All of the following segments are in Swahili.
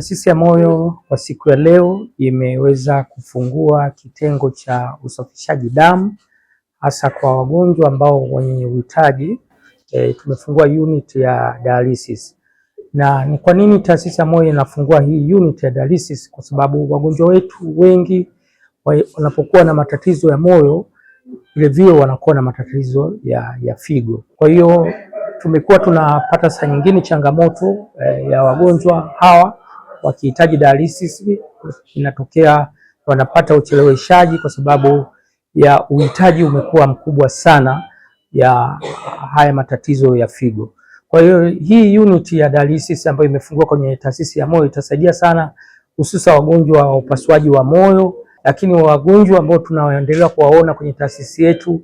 Taasisi ya Moyo kwa siku ya leo imeweza kufungua kitengo cha usafishaji damu hasa kwa wagonjwa ambao wenye uhitaji e, tumefungua unit ya dialysis. Na ni kwa nini Taasisi ya Moyo inafungua hii unit ya dialysis? Kwa sababu wagonjwa wetu wengi wanapokuwa na matatizo ya moyo vilevile wanakuwa na matatizo ya, ya figo. Kwa hiyo tumekuwa tunapata saa nyingine changamoto e, ya wagonjwa hawa wakihitaji dialysis inatokea wanapata ucheleweshaji kwa sababu ya uhitaji umekuwa mkubwa sana ya haya matatizo ya figo. Kwa hiyo hii unit ya dialysis ambayo imefungua kwenye taasisi ya moyo itasaidia sana hususa wagonjwa wa upasuaji wa moyo, lakini wagonjwa ambao tunaendelea kuwaona kwenye taasisi yetu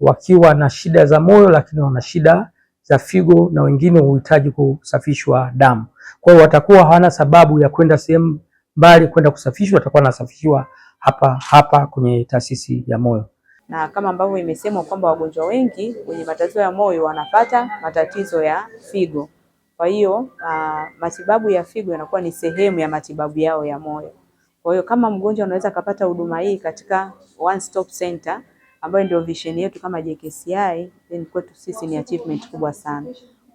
wakiwa na shida za moyo, lakini wana shida za figo na wengine huhitaji kusafishwa damu. Kwa hiyo watakuwa hawana sababu ya kwenda sehemu mbali kwenda kusafishwa, watakuwa wanasafishwa hapa hapa kwenye taasisi ya moyo. Na kama ambavyo imesemwa kwamba wagonjwa wengi wenye matatizo ya moyo wanapata matatizo ya figo, kwa hiyo uh, matibabu ya figo yanakuwa ni sehemu ya matibabu yao ya moyo. Kwa hiyo kama mgonjwa anaweza akapata huduma hii katika One Stop Center ambayo ndio vision yetu kama JKCI, then kwetu sisi ni achievement kubwa sana.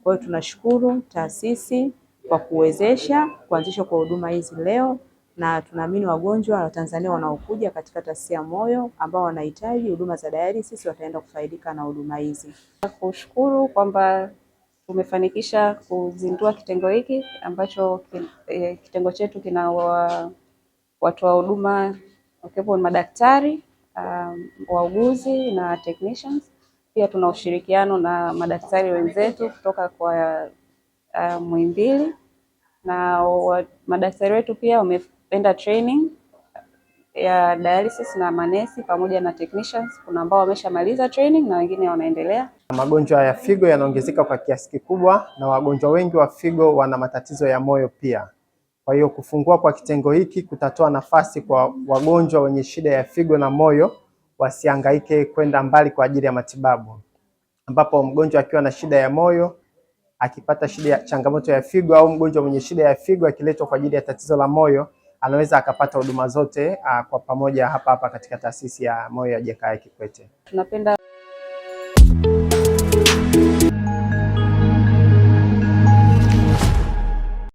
Kwa hiyo tunashukuru taasisi kwa kuwezesha kuanzishwa kwa huduma hizi leo, na tunaamini wagonjwa wa Tanzania wanaokuja katika taasisi ya moyo ambao wanahitaji huduma za dialysis wataenda kufaidika na huduma hizi. Kushukuru kwamba tumefanikisha kuzindua kitengo hiki ambacho eh, kitengo chetu kina watoa wa huduma wakiwepo madaktari um, wauguzi na technicians. Pia tuna ushirikiano na madaktari wenzetu kutoka kwa uh, Muhimbili na wa, madaktari wetu pia wameenda training ya dialysis na manesi pamoja na technicians. Kuna ambao wameshamaliza training na wengine wanaendelea. Magonjwa ya figo yanaongezeka kwa kiasi kikubwa na wagonjwa wengi wa figo wana matatizo ya moyo pia. Kwa hiyo kufungua kwa kitengo hiki kutatoa nafasi kwa wagonjwa wenye shida ya figo na moyo wasihangaike kwenda mbali kwa ajili ya matibabu, ambapo mgonjwa akiwa na shida ya moyo akipata shida ya changamoto ya figo au mgonjwa mwenye shida ya figo akiletwa kwa ajili ya tatizo la moyo anaweza akapata huduma zote a, ah, kwa pamoja hapa hapa katika taasisi ya moyo ya Jakaya Kikwete. Tunapenda